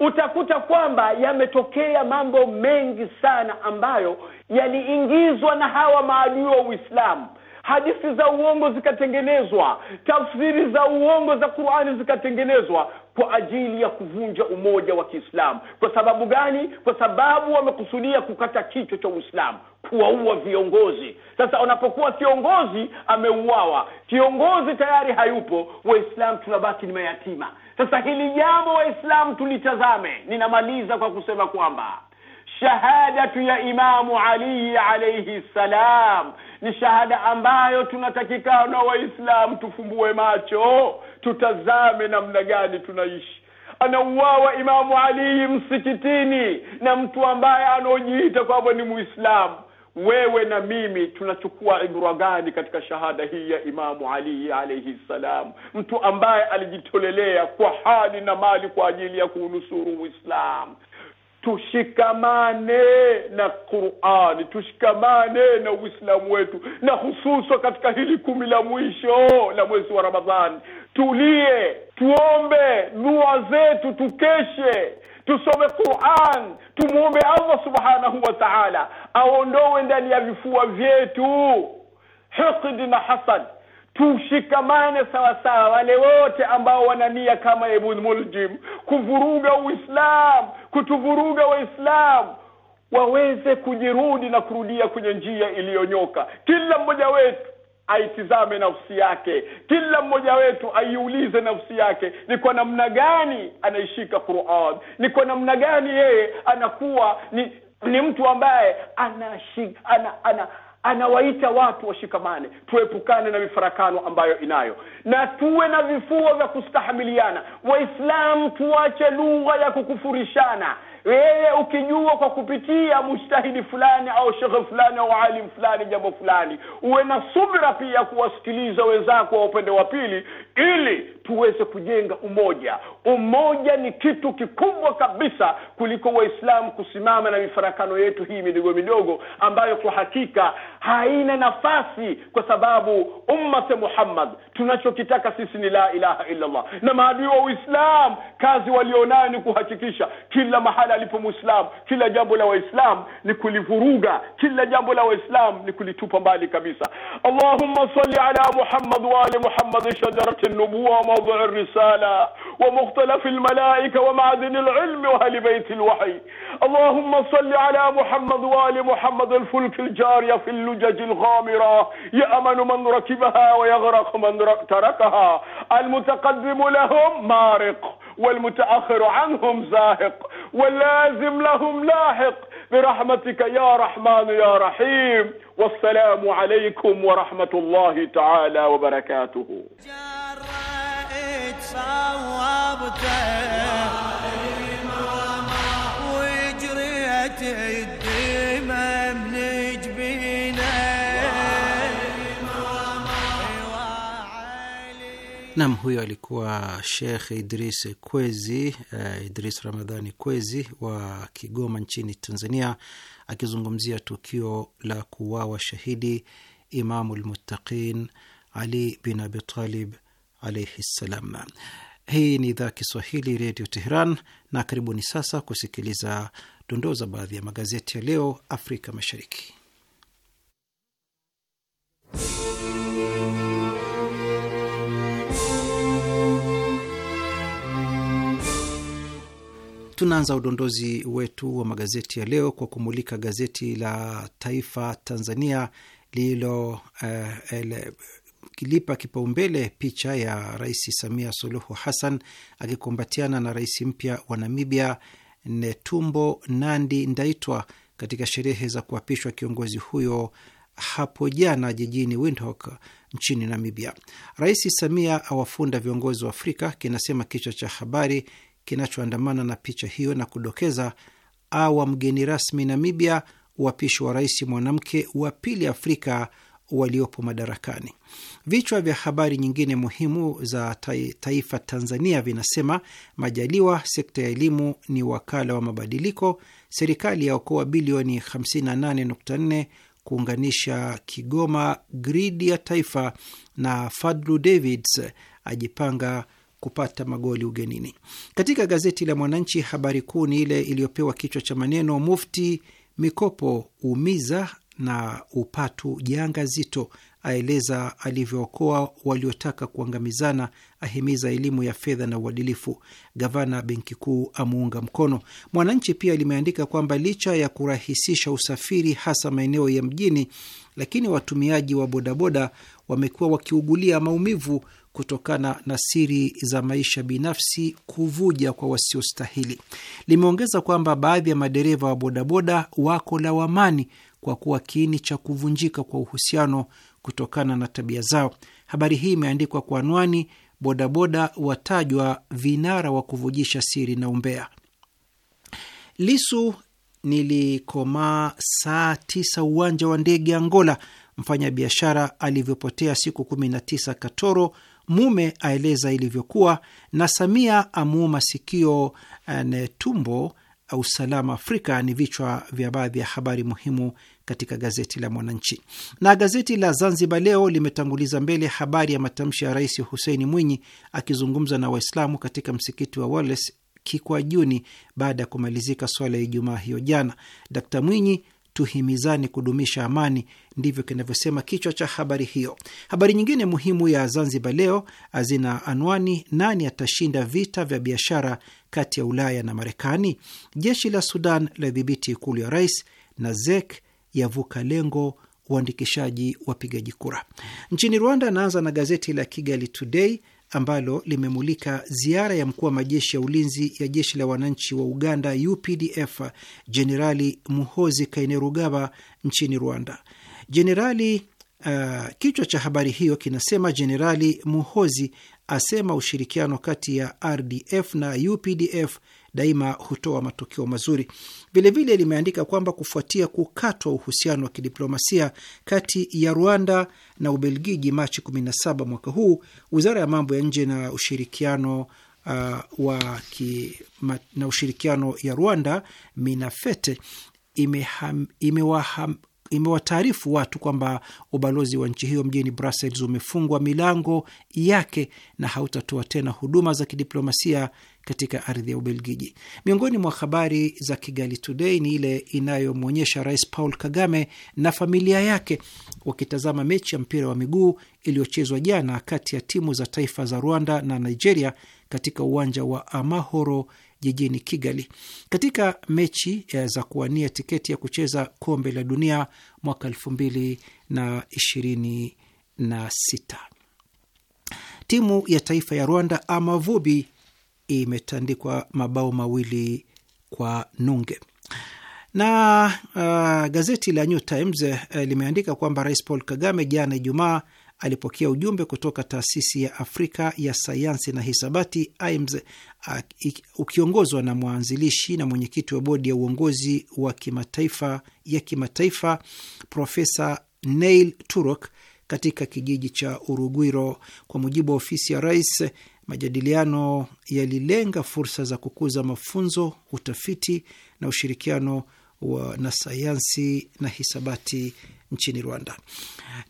utakuta kwamba yametokea mambo mengi sana ambayo yaliingizwa na hawa maadui wa uislamu hadithi za uongo zikatengenezwa tafsiri za uongo za qurani zikatengenezwa kwa ajili ya kuvunja umoja wa kiislamu kwa sababu gani kwa sababu wamekusudia kukata kichwa cha uislamu kuwaua viongozi sasa unapokuwa kiongozi ameuawa kiongozi tayari hayupo waislamu tunabaki ni mayatima sasa hili jambo waislamu tulitazame ninamaliza kwa kusema kwamba shahadatu ya Imamu Ali alayhi salam ni shahada ambayo tunatakikana Waislamu tufumbue macho, tutazame namna gani tunaishi. Anauawa Imamu Ali msikitini na mtu ambaye anaojiita kwamba ni Muislamu. Wewe na mimi tunachukua ibra gani katika shahada hii ya Imamu Ali alayhi salam, mtu ambaye alijitolelea kwa hali na mali kwa ajili ya kuunusuru Uislamu? tushikamane na qurani tushikamane na uislamu wetu na hususa katika hili kumi la mwisho la mwezi wa ramadhani tulie tuombe dua zetu tukeshe tusome quran tumwombe allah subhanahu wa taala aondowe ndani ya vifua vyetu hiqdi na hasad tushikamane sawasawa wale wote ambao wanania kama ibn muljim kuvuruga Uislamu, kutuvuruga waislamu waweze kujirudi na kurudia kwenye njia iliyonyoka kila mmoja wetu aitizame nafsi yake kila mmoja wetu aiulize nafsi yake ni kwa namna gani anaishika quran ni kwa namna gani yeye anakuwa ni ni mtu ambaye anashik, ana, ana, ana anawaita watu washikamane tuepukane na mifarakano ambayo inayo na tuwe na vifuo vya kustahamiliana waislamu tuache lugha ya kukufurishana wewe ukijua kwa kupitia mujtahidi fulani au shekhe fulani au alim fulani jambo fulani uwe na subira pia kuwasikiliza wenzako wa upande wa pili ili tuweze kujenga umoja umoja ni kitu kikubwa kabisa kuliko waislamu kusimama na mifarakano yetu hii midogo midogo ambayo kwa hakika haina nafasi kwa sababu ummate muhammad tunachokitaka sisi ni la ilaha illallah na maadui wa uislamu kazi walionayo ni kuhakikisha kila mahala alipo Muislamu, kila jambo la waislamu ni kulivuruga kila jambo la waislamu ni kulitupa mbali kabisa allahumma salli ala muhammad wa ali muhammad shajarati nubuwa موضع الرسالة ومختلف الملائكة ومعدن العلم وأهل بيت الوحي اللهم صل على محمد وآل محمد الفلك الجارية في اللجج الغامرة يأمن من ركبها ويغرق من تركها المتقدم لهم مارق والمتأخر عنهم زاهق واللازم لهم لاحق برحمتك يا رحمن يا رحيم والسلام عليكم ورحمة الله تعالى وبركاته Nam, huyo alikuwa Shekh Idris Kwezi, uh, Idris Ramadhani Kwezi wa Kigoma nchini Tanzania, akizungumzia tukio la kuwawa shahidi Imamul Muttaqin Ali bin Abi Talib alaihi ssalam. Hii ni idhaa Kiswahili redio Teheran, na karibuni sasa kusikiliza dondoo za baadhi ya magazeti ya leo Afrika Mashariki. Tunaanza udondozi wetu wa magazeti ya leo kwa kumulika gazeti la Taifa Tanzania lililo uh, eh, kilipa kipaumbele picha ya Rais Samia Suluhu Hassan akikumbatiana na rais mpya wa Namibia Netumbo Nandi Ndaitwa katika sherehe za kuapishwa kiongozi huyo hapo jana jijini Windhoek nchini Namibia. Rais Samia awafunda viongozi wa Afrika, kinasema kichwa cha habari kinachoandamana na picha hiyo na kudokeza, awa mgeni rasmi Namibia, uapishi wa rais mwanamke wa pili Afrika waliopo madarakani. Vichwa vya habari nyingine muhimu za taifa Tanzania vinasema: Majaliwa, sekta ya elimu ni wakala wa mabadiliko; serikali yaokoa bilioni 58.4 kuunganisha Kigoma gridi ya taifa; na Fadlu Davids ajipanga kupata magoli ugenini. Katika gazeti la Mwananchi, habari kuu ni ile iliyopewa kichwa cha maneno Mufti mikopo umiza na upatu janga zito, aeleza alivyookoa waliotaka kuangamizana, ahimiza elimu ya fedha na uadilifu. Gavana benki kuu amuunga mkono. Mwananchi pia limeandika kwamba licha ya kurahisisha usafiri hasa maeneo ya mjini, lakini watumiaji wa bodaboda wamekuwa wakiugulia maumivu kutokana na siri za maisha binafsi kuvuja kwa wasiostahili. Limeongeza kwamba baadhi ya madereva wa bodaboda wako lawamani kwa kuwa kiini cha kuvunjika kwa uhusiano kutokana na tabia zao. Habari hii imeandikwa kwa anwani bodaboda watajwa vinara wa kuvujisha siri na umbea. Lisu nilikomaa saa tisa uwanja wa ndege Angola, mfanya biashara alivyopotea siku kumi na tisa Katoro, mume aeleza ilivyokuwa, na Samia amuuma sikio eh, na tumbo usalama Afrika ni vichwa vya baadhi ya habari muhimu katika gazeti la Mwananchi na gazeti la Zanzibar Leo limetanguliza mbele habari ya matamshi ya Rais Huseini Mwinyi akizungumza na Waislamu katika msikiti wa kikwa Kikwajuni baada ya kumalizika swala ya Ijumaa hiyo jana. Dkt Mwinyi tuhimizane kudumisha amani, ndivyo kinavyosema kichwa cha habari hiyo. Habari nyingine muhimu ya Zanzibar Leo zina anwani: nani atashinda vita vya biashara kati ya Ulaya na Marekani? Jeshi la Sudan ladhibiti ikulu ya rais, na ZEK yavuka lengo uandikishaji wapigaji kura. Nchini Rwanda, anaanza na gazeti la Kigali Today ambalo limemulika ziara ya mkuu wa majeshi ya ulinzi ya jeshi la wananchi wa Uganda UPDF Jenerali Muhozi Kainerugaba nchini Rwanda. Jenerali uh, kichwa cha habari hiyo kinasema Jenerali Muhozi asema ushirikiano kati ya RDF na UPDF daima hutoa matokeo mazuri. Vilevile limeandika kwamba kufuatia kukatwa uhusiano wa kidiplomasia kati ya Rwanda na Ubelgiji Machi 17 mwaka huu, wizara ya mambo ya nje na ushirikiano Uh, wa ki, ma, na ushirikiano ya Rwanda MINAFETE imewaham, imewataarifu watu kwamba ubalozi wa nchi hiyo mjini Brussels umefungwa milango yake na hautatoa tena huduma za kidiplomasia katika ardhi ya Ubelgiji. Miongoni mwa habari za Kigali Today ni ile inayomwonyesha Rais Paul Kagame na familia yake wakitazama mechi ya mpira wa miguu iliyochezwa jana kati ya timu za taifa za Rwanda na Nigeria katika uwanja wa Amahoro jijini Kigali katika mechi eh, za kuwania tiketi ya kucheza kombe la dunia mwaka elfu mbili na ishirini na sita. Timu ya taifa ya Rwanda Amavubi imetandikwa mabao mawili kwa nunge na uh, gazeti la New Times uh, limeandika kwamba Rais Paul Kagame jana Ijumaa alipokea ujumbe kutoka taasisi ya Afrika ya sayansi na hisabati ukiongozwa na mwanzilishi na mwenyekiti wa bodi ya uongozi wa kimataifa ya kimataifa Profesa Neil Turok katika kijiji cha Urugwiro. Kwa mujibu wa ofisi ya rais, majadiliano yalilenga fursa za kukuza mafunzo, utafiti na ushirikiano wa na sayansi na hisabati nchini Rwanda.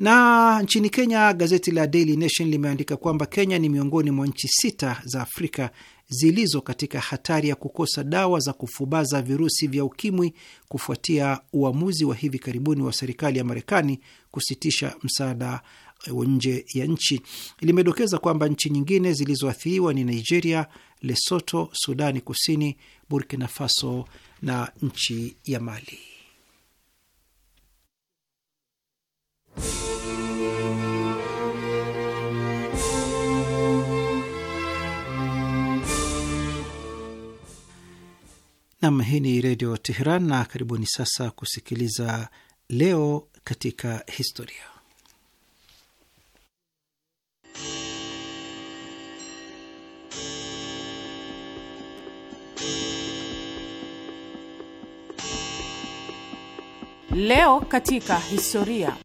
Na nchini Kenya, gazeti la Daily Nation limeandika kwamba Kenya ni miongoni mwa nchi sita za Afrika zilizo katika hatari ya kukosa dawa za kufubaza virusi vya ukimwi kufuatia uamuzi wa hivi karibuni wa serikali ya Marekani kusitisha msaada wa nje ya nchi. Limedokeza kwamba nchi nyingine zilizoathiriwa ni Nigeria, lesoto Sudani Kusini, Burkina Faso na nchi ya Mali. Nam, hii ni Redio Teheran na karibuni sasa kusikiliza leo katika historia. Leo katika historia.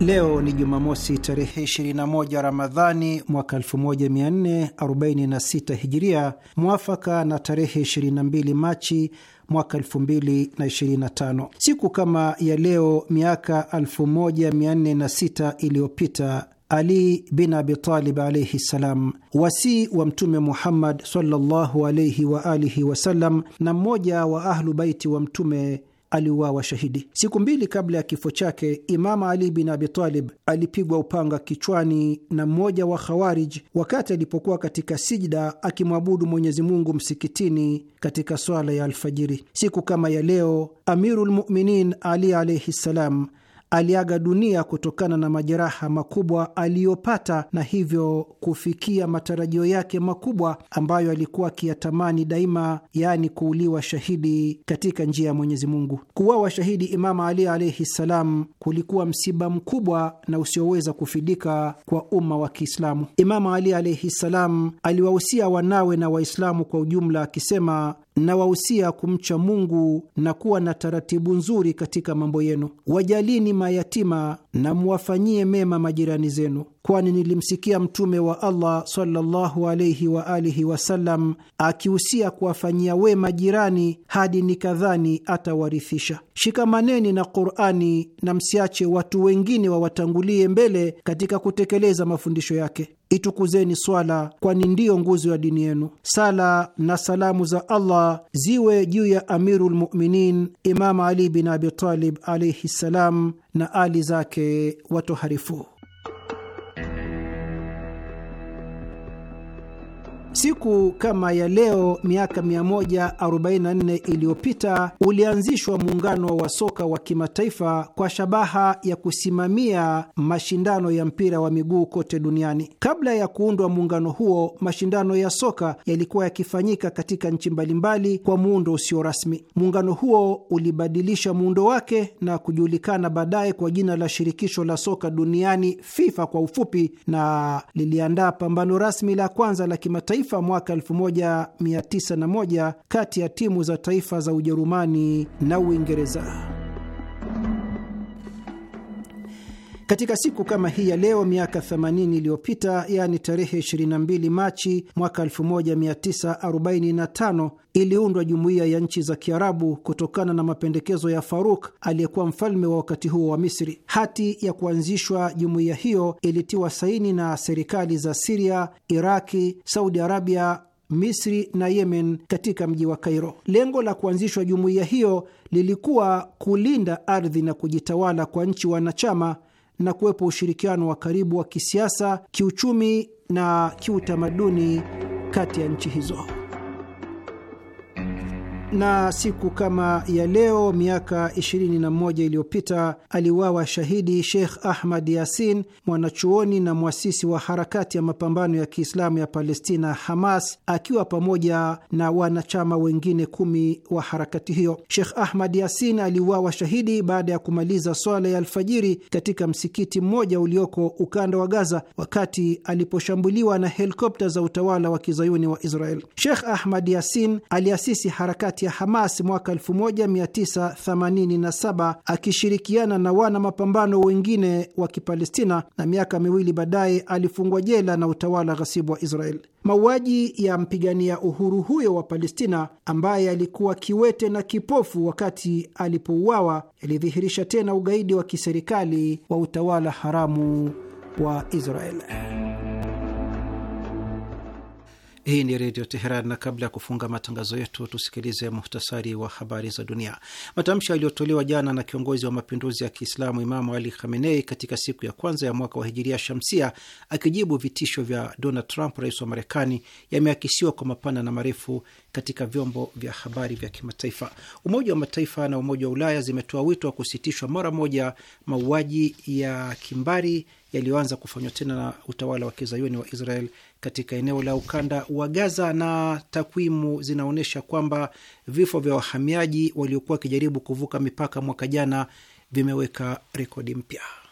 Leo ni Jumamosi tarehe 21 Ramadhani mwaka 1446 Hijiria, mwafaka na tarehe 22 Machi mwaka 2025. Siku kama ya leo miaka 1406 iliyopita ali bin Abitalib alaihi ssalam, wasii wa Mtume Muhammad sallallahu alaihi wasallam na mmoja wa Ahlu Baiti wa Mtume aliuawa shahidi. Siku mbili kabla ya kifo chake, Imama Ali bin Abi Talib alipigwa upanga kichwani na mmoja wa Khawarij wakati alipokuwa katika sijida akimwabudu Mwenyezi Mungu msikitini katika swala ya alfajiri. Siku kama ya leo, Ali alaihi ssalam aliaga dunia kutokana na majeraha makubwa aliyopata na hivyo kufikia matarajio yake makubwa ambayo alikuwa akiyatamani daima, yaani kuuliwa shahidi katika njia ya Mwenyezi Mungu. Kuuawa shahidi Imama Ali alaihi ssalam kulikuwa msiba mkubwa na usioweza kufidika kwa umma wa Kiislamu. Imama Ali alaihi ssalam aliwahusia wanawe na Waislamu kwa ujumla akisema nawahusia kumcha Mungu na kuwa na taratibu nzuri katika mambo yenu. Wajalini mayatima na mwafanyie mema majirani zenu, kwani nilimsikia Mtume wa Allah sallallahu alaihi wa alihi wasallam akihusia kuwafanyia wema jirani hadi nikadhani atawarithisha. Shikamaneni na Qurani na msiache watu wengine wawatangulie mbele katika kutekeleza mafundisho yake. Itukuzeni swala, kwani ndiyo nguzo ya dini yenu. Sala na salamu za Allah ziwe juu ya amiru lmuminin imamu Ali bin Abi Talib alaihi ssalam na ali zake watoharifu. Siku kama ya leo miaka 144 iliyopita ulianzishwa muungano wa soka wa kimataifa kwa shabaha ya kusimamia mashindano ya mpira wa miguu kote duniani. Kabla ya kuundwa muungano huo, mashindano ya soka yalikuwa yakifanyika katika nchi mbalimbali kwa muundo usio rasmi. Muungano huo ulibadilisha muundo wake na kujulikana baadaye kwa jina la Shirikisho la Soka Duniani, FIFA kwa ufupi, na liliandaa pambano rasmi la kwanza la kimataifa Mataifa mwaka 1901 kati ya timu za taifa za Ujerumani na Uingereza. Katika siku kama hii ya leo miaka 80 iliyopita, yaani tarehe 22 Machi mwaka 1945 iliundwa jumuiya ya nchi za Kiarabu kutokana na mapendekezo ya Faruk aliyekuwa mfalme wa wakati huo wa Misri. Hati ya kuanzishwa jumuiya hiyo ilitiwa saini na serikali za Siria, Iraki, Saudi Arabia, Misri na Yemen katika mji wa Kairo. Lengo la kuanzishwa jumuiya hiyo lilikuwa kulinda ardhi na kujitawala kwa nchi wanachama na kuwepo ushirikiano wa karibu wa kisiasa, kiuchumi na kiutamaduni kati ya nchi hizo na siku kama ya leo miaka 21 iliyopita aliuawa shahidi Sheikh Ahmad Yasin, mwanachuoni na mwasisi wa harakati ya mapambano ya Kiislamu ya Palestina, Hamas, akiwa pamoja na wanachama wengine kumi wa harakati hiyo. Sheikh Ahmad Yasin aliuawa shahidi baada ya kumaliza swala ya alfajiri katika msikiti mmoja ulioko ukanda wa Gaza wakati aliposhambuliwa na helikopta za utawala wa kizayuni wa Israel. Sheikh Ahmad Yasin aliasisi harakati ya Hamas mwaka 1987 akishirikiana na wana mapambano wengine wa Kipalestina, na miaka miwili baadaye alifungwa jela na utawala ghasibu wa Israel. Mauaji ya mpigania uhuru huyo wa Palestina ambaye alikuwa kiwete na kipofu wakati alipouawa yalidhihirisha tena ugaidi wa kiserikali wa utawala haramu wa Israel. Hii ni Redio Teheran, na kabla ya kufunga matangazo yetu tusikilize muhtasari wa habari za dunia. Matamshi yaliyotolewa jana na kiongozi wa mapinduzi ya Kiislamu Imamu Ali Khamenei katika siku ya kwanza ya mwaka wa Hijiria Shamsia, akijibu vitisho vya Donald Trump, rais wa Marekani, yameakisiwa kwa mapana na marefu katika vyombo vya habari vya kimataifa. Umoja wa Mataifa na Umoja wa Ulaya zimetoa wito wa kusitishwa mara moja mauaji ya kimbari yaliyoanza kufanywa tena na utawala wa kizayuni wa Israel katika eneo la ukanda wa Gaza, na takwimu zinaonyesha kwamba vifo vya wahamiaji waliokuwa wakijaribu kuvuka mipaka mwaka jana vimeweka rekodi mpya.